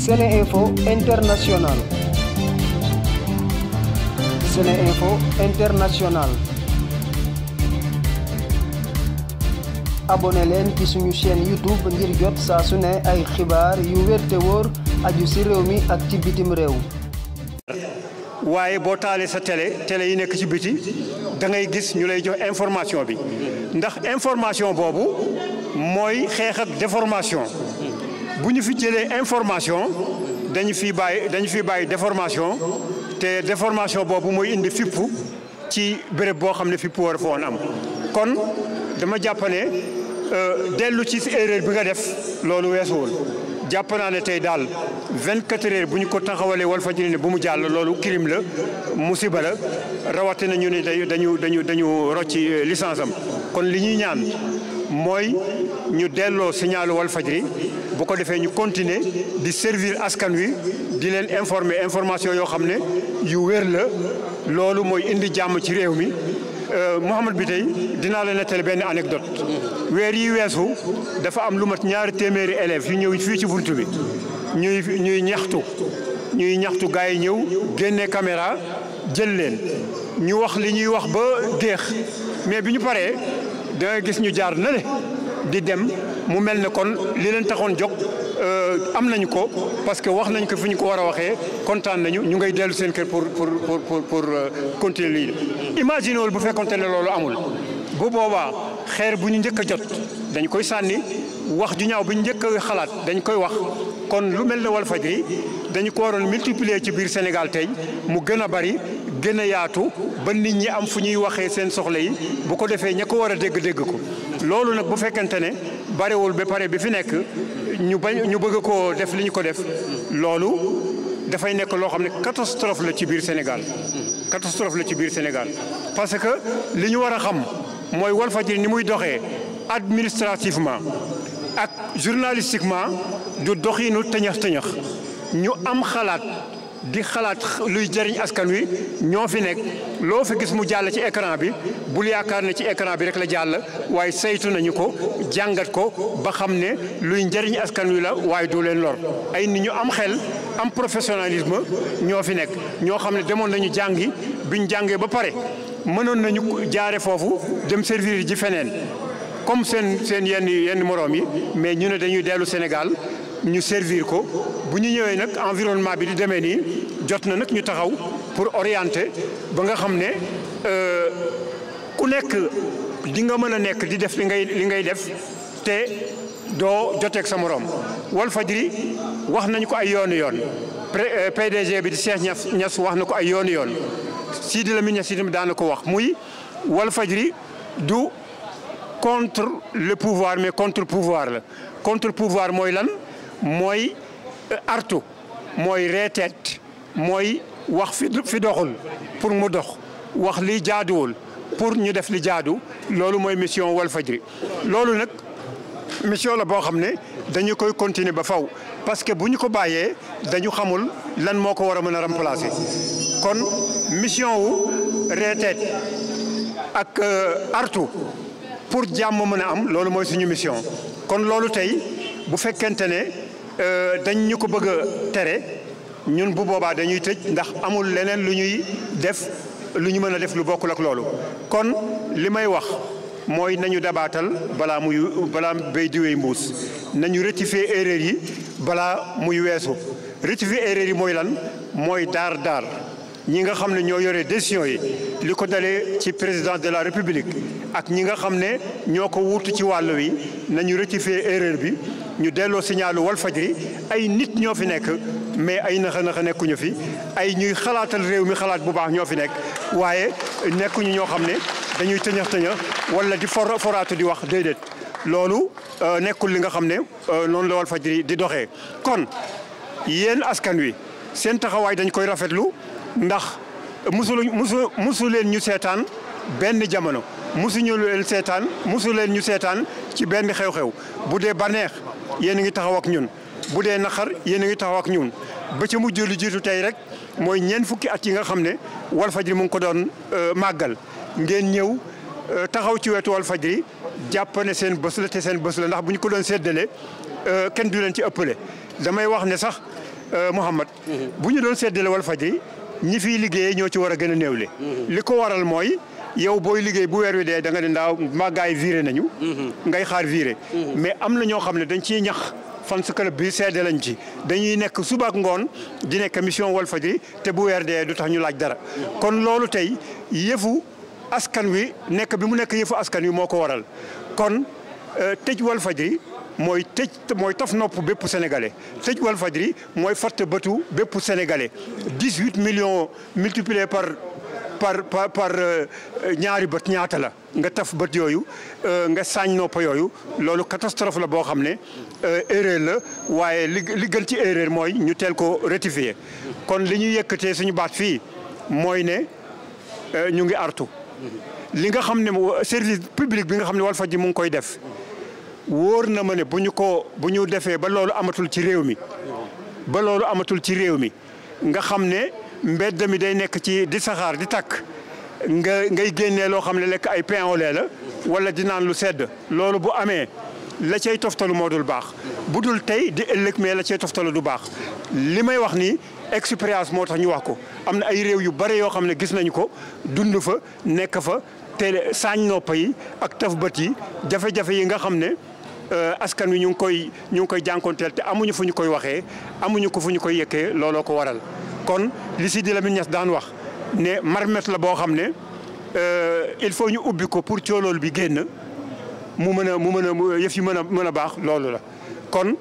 Sene Info International Sene Info International abonné leen ci suñu chaîne YouTube ngir jot saa su ne ay xibaar yu wér te wóor aju ci réew mi ak ci bitim réew waaye boo taalee sa tele tele yi nekk ci biti da ngay gis ñu lay jox information bi ndax information boobu mooy xeex ak déformation bu ñu fi jëlee information dañu fi bàyyi dañu fi bàyyi déformation te déformation boobu mooy indi fippu ci béréb boo xam ne fippu war a foon am kon dama jàpp ne euh, dellu ci erreur bi nga def loolu weesuwul jàpp naa ne tey daal 24 heures bu ñu ko taxawalee Walfadjri ne bu mu jàll loolu crime la musiba la rawatina ñu ne dañu dañu dañu rocci euh, licence am kon li ñuy ñaan mooy ñu delloo wal faj Walfadjri bu ko defee ñu continuer di servir askan wi di leen informer information yoo xam ne yu wér la loolu mooy indi jàmm ci réew mi euh, Mouhamad bi tey dinaa a nettali benn anecdote weer yi weesu dafa am lu mat ñaari téeméeri élèves yu ñëw fii ci buntu bi ñuy ñuy ñaxtu ñuy ñaxtu gars yi ñëw génne caméra jël leen ñu wax li ñuy wax ba géex mais bi ñu paree da gis ñu jaar na le di dem mu mel ne kon li leen taxoon jóg euh, am nañ ko parce que wax nañ ko fi ñu ko war a waxee kontaan nañu ñu ngay dellu seen kër pour pour pour pour euh, continuer lii. imagine wul bu fekkonte ne loolu amul bu boobaa xeer bu ñu njëkk a jot dañ koy sànni wax ju ñaaw bu ñu njëkk a xalaat dañ koy wax kon lu mel ne Walfadjri dañu ko waroon multiplier ci biir Sénégal tey mu gën a bari gën a yaatu ba nit ñi am fu ñuy waxee seen soxla yi bu ko defee ña ko war a dégg dégg ko. loolu nag bu fekkente ne barewul ba pare bi fi nekk ñu bañ ñu bëgg ko def li ñu ko def loolu dafay nekk loo xam ne catastrophe la ci biir Sénégal catastrophe la ci biir Sénégal parce que li ñu war a xam mooy Walfadjri ni muy doxee administrativement ak journalistiquement du doxiinu tëñax tëñëx ñu am xalaat di xalaat luy jëriñ askan wi ñoo fi nekk loo fi gis mu jàll ci écran bi bul yaakaar ne ci écran bi rek la jàll waaye seytu nañu ko jàngat ko ba xam ne luy njëriñ askan wi la waaye du leen lor ay nit ñu am xel am professionnalisme ñoo fi nekk ñoo xam ne demoon nañu jàngi biñ jàngee ba pare mënoon nañu jaare foofu dem servir ji feneen comme seen seen yenn yenn moroom yi mais ñu ne dañuy dellu Sénégal ñu servir ko bu ñu ñëwee nag environnement bi di demee nii jot na nag ñu taxaw pour orienter ba nga xam ne euh, ku nekk di nga mën a nekk di def li ngay li ngay def te doo joteeg sa morom Walfadjri wax nañ ko ay yoonu yoon PDG euh, bi di Cheikh ñas Niass wax na ko ay yoon yoon Sidi Lamine Niass itam daan na ko wax muy faj Walfadjri du contre le pouvoir mais contre pouvoir la contre pouvoir mooy lan mooy euh, artu mooy reeteet mooy wax fi fi doxul pour mu dox wax li jaaduwul pour ñu def li jaadu loolu mooy mission Walfadjri loolu nag mission la boo xam ne dañu koy continuer ba faw parce que bu ñu ko bàyyee dañu xamul lan moo ko war a mën a remplacer kon mission wu reeteet ak euh, artu pour jàmm mën a am loolu mooy suñu mission kon loolu tey bu fekkente ne Euh, dañ ñu ko bëgg tere ñun bu boobaa dañuy tëj ndax amul leneen lu ñuy def lu ñu mën a def lu bokkul ak loolu kon li may wax mooy nañu dabaatal balaa muy balaa béy diwee mbuus nañu rectifier erreur yi balaa muy weesu rectifier erreur yi mooy lan mooy daar daar ñi nga xam ne ñoo yore décision yi li ko dalee ci président de la république ak ñi nga xam ne ñoo ko wuutu ci wàll wi nañu rectifier erreur bi ñu delloo siñaalu signalu Walfajri ay nit ñoo fi nekk mais ay naxa naxa nekkuñu fi ay ñuy xalaatal réew mi xalaat bu baax ñoo fi nekk waaye nekkuñu ñoo xam ne dañuy tëñëx tëñëx wala di for foraatu di wax déedéet loolu euh, nekkul li nga xam ne euh, noonu la Walfajri di doxee kon yéen askan wi seen taxawaay dañ koy rafetlu ndax musulu musu musu leen ñu seetaan benn jamono musuñu leen seetaan musu leen ñu seetaan ci benn xew-xew bu dee bànneex yéen a ngi taxaw ñun bu dee naqar yéen a ngi taxaw ak ñun ba ca mujj lu jiitu tey rek mooy ñeen fukki at yi nga xam ne Walfadjri mu ngi ko doon euh, màggal ngeen ñëw euh, taxaw ci wetu Walfadjri jàpp ne seen bës la te seen bës la ndax bu ñu ko doon séddale euh, kenn du leen ci ëppale damay wax ne sax Mouhamad mhm. bu ñu doon seddale séddale Walfadjri ñi fiy liggéeye ñoo ci war a gën a néewle mhm. li ko waral mooy yow booy liggéey bu weer wi dee da nga ne ndaaw màggaay viré nañu. ngay xaar viré. mais am na ñoo xam ne dañ ciy ñax. fan sa bi seede lañ ci dañuy nekk suba ak ngoon di nekk mission Walfadjri te bu weer dee du tax ñu laaj dara. kon loolu tey yëfu askan wi nekk bi mu nekk yëfu askan wi moo ko waral kon euh, tëj wal Walfadjri mooy tëj mooy taf nopp bépp sénégalais tëj Walfadjri mooy fatt bëtu bépp sénégalais 18 million multiplié par. par par par euh, ñaari bët ñaata la nga taf bët yooyu euh, nga saañ noppa yooyu loolu catastrophe la boo xam ne euh, erreur la waaye li li gën ci erreur mooy ñu teel ko rectifier kon li ñuy yëkkatee suñu baat fii mooy ne ñu ngi artu li nga xam ne service public bi nga xam ne Walfadjri mu ngi koy def wóor na ma ne bu ñu ko bu ñu defee ba loolu amatul ci réew mi ba loolu amatul ci réew mi nga xam ne mbedd mi day nekk ci di saxaar di takk nga ngay génne loo xam ne lekk ay pain au la wala di naan lu sedd loolu bu amee la cay toftalu moo dul baax bu dul tey di ëllëg mais la cay toftalu du baax li may wax nii expérience moo tax ñu wax ko am na ay réew yu bare yoo xam ne gis nañu ko dund fa nekk fa te saañ nopp yi ak taf bët yi jafe-jafe yi nga xam ne euh, askan wi ñu ngi koy ñu ngi koy jànkonteel te amuñu fu ñu koy waxee amuñu ko fu ñu koy yëkkee looloo ko waral kon li Sidi Lamine Niass daan wax ne marmet la boo xam ne euh, il faut ñu ubbi ko pour coolool bi génn mu mën a mu mën a yëf yi mën a mën a baax loolu la kon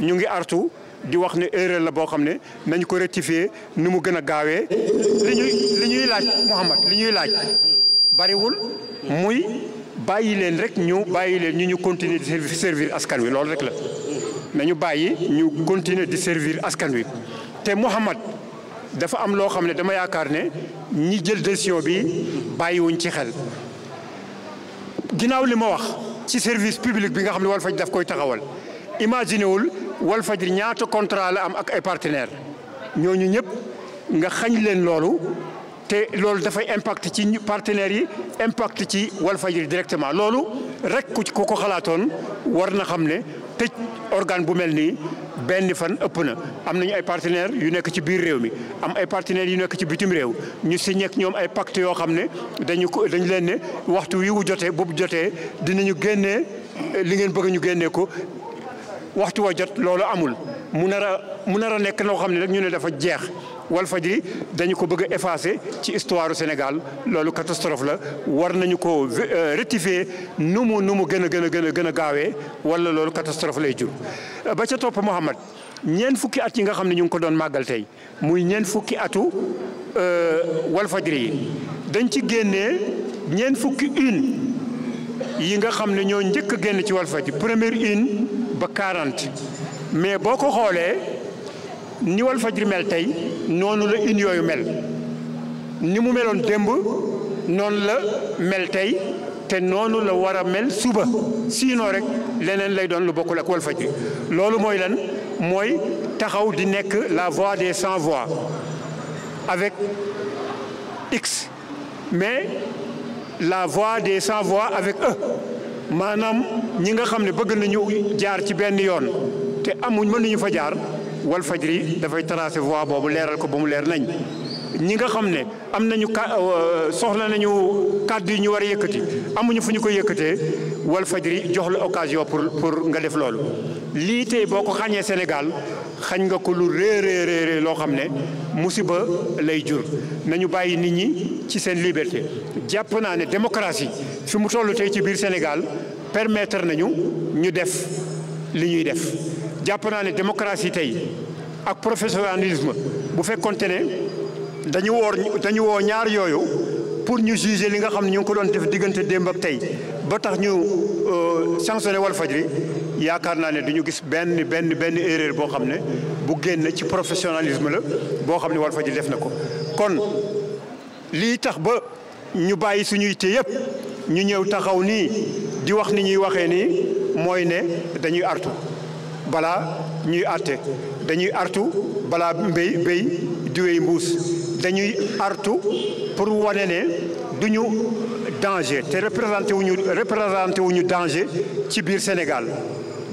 ñu ngi artu di wax ne erreur la boo xam ne nañ ko rectifier ni mu gën a gaawee li ñuy laaj Mouhamad li ñuy laaj bariwul muy bàyyi leen rek ñu bàyyi leen ñu ñu continuer di servir askan wi loolu rek la nañu bàyyi ñu continuer di servir askan wi te Mouhamad dafa am loo xam ne dama yaakaar ne ñi jël décision bi bàyyiwuñ ci xel ginnaaw li ma wax ci service public bi nga xam ne Walfadjri daf koy taxawal imagine wul Walfadjri ñaata contrat la am ak ay partenaires ñooñu ñëpp nga xañ leen loolu te loolu dafay impact ci partenaires yi impact ci Walfadjri directement loolu rek ku ko xalaatoon war na xam ne tëj organe bu mel nii benn fan ëpp na am nañu ay partenaires yu nekk ci biir réew mi am ay partenaires yu nekk ci bitim réew ñu si ak ñoom ay pacte yoo xam ne dañu ko dañu leen ne waxtu wi wu jotee boobu jotee dinañu génnee eh, li ngeen bëgg ñu génnee ko waxtu wa jot loolu amul mu nar a mu nar nekk loo xam ne rek ñu ne dafa jeex. Walfadjri dañu ko bëgg a ci histoire Sénégal loolu catastrophe la war nañu ko euh, rectifier nu mu nu mu gën a gën a gën a gën a gaawee wala loolu catastrophe lay jur euh, ba ca topp Mouhamad ñeent fukki at yi nga xam ne ñu ngi ko doon màggal tey muy ñeent fukki atu euh, Walfadjri yi dañ ci génne ñeent fukki une yi nga xam ne ñoo njëkk a génn ci Walfadjri première une ba quarante mais boo ko xoolee ni Walfadjri mel tey noonu la une yooyu mel ni mu meloon démb noonu la mel tey te noonu la war a mel suba sinon rek leneen lay doon lu bokkul ak Walfadjri loolu mooy lan mooy taxaw di nekk la voix des sans voix avec X mais la voix des sans voix avec e. maanaam ñi nga xam ne bëgg nañu jaar ci benn yoon te amuñ mënuñu fa jaar wal fajri dafay tracé voie boobu leeral ko ba mu leer nañ ñi nga xam ne am nañu ka euh, soxla nañu kàdd yi ñu war a yëkkati amuñu fu ñu koy yëkkatee wal fajri jox la occasion pour pour nga def loolu lii tey boo ko xañee Sénégal xañ nga ko lu réeréeréeré loo xam ne musiba lay jur nañu bàyyi nit ñi ci seen liberté jàpp naa ne démocratie fi mu toll tey ci biir Sénégal permettre nañu ñu def li ñuy def jàpp naa ne démocratie tey ak professionnalisme bu fekkonte ne dañu woo dañu woo ñaar yooyu pour ñu juger li nga xam ne ñu ngi ko doon def diggante démb ak tey ba tax ñu faj euh, Walfadjri yaakaar naa ne du ñu gis benn benn benn erreur boo xam ne bu génn ci professionnalisme la boo xam ne wal Walfadjri def na ko kon lii tax ba ñu bàyyi suñu yitte yëpp ñu ñëw taxaw nii di wax ni ñuy waxee nii mooy ne dañuy artu balaa ñuy àtte dañuy artu balaa mbéy béy diwéy mbuus dañuy artu pour wane ne du ñu danger te représenté wuñu représenté wuñu danger ci biir Sénégal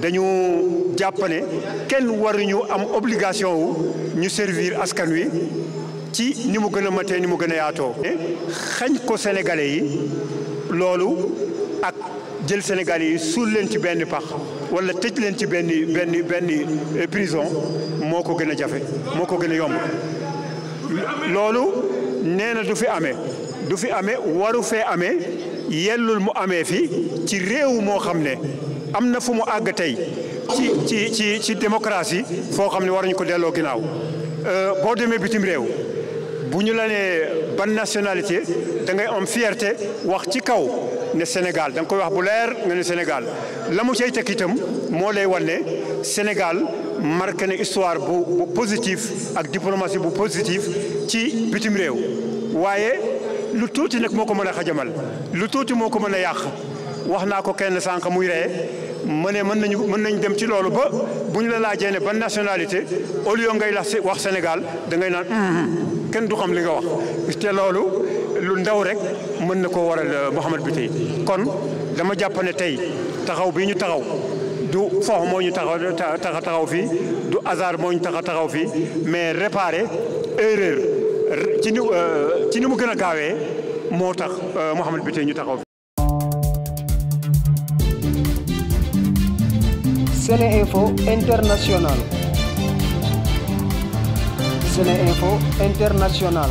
dañu jàpp ne kenn waruñu am obligation wu ñu servir askan wi ci ni mu gën a matee ni mu gën a yaatoo xañ ko Sénégalais yi loolu ak jël Sénégalais yi suul leen ci benn pax wala tëj leen ci benn benn benn eh, prison moo ko gën a jafe moo ko gën a yomb loolu nee na du fi amee du fi amee waru fee amee yellul mu amee fi ci réew moo xam ne am na fu mu àgg tey ci ci ci ci démocratie foo xam ne waruñu ko delloo ginnaaw euh, boo demee bitim réew bu ñu la nee ban nationalité da ngay am fierté wax ci kaw ne Sénégal da nga koy wax bu leer nga ne Sénégal la mu cay tekk itam moo lay wan ne Sénégal marqué na histoire bu bu positif ak diplomatie bu positif ci bitim réew waaye lu tuuti nag moo ko mën a xajamal lu tuuti moo ko mën a yàq wax naa ko kenn sànq muy ree ma ne mën nañu mën nañ dem ci loolu ba bu ñu la laajee ne ban nationalité au lieu ngay wax Sénégal da ngay naan kenn du xam li nga wax te loolu lu ndaw rek mën na koo waral euh, Mouhamed bi tey kon dama jàpp ne tey taxaw bi ñu taxaw du fox moo ñu taxaw taxa taxaw fii du hasard moo ñu taxa taxaw fii mais réparer erreur ci ni euh, ci ni mu gën a gaawee moo tax euh, Mouhamed bi ñu taxaw fi SeneInfo International SeneInfo International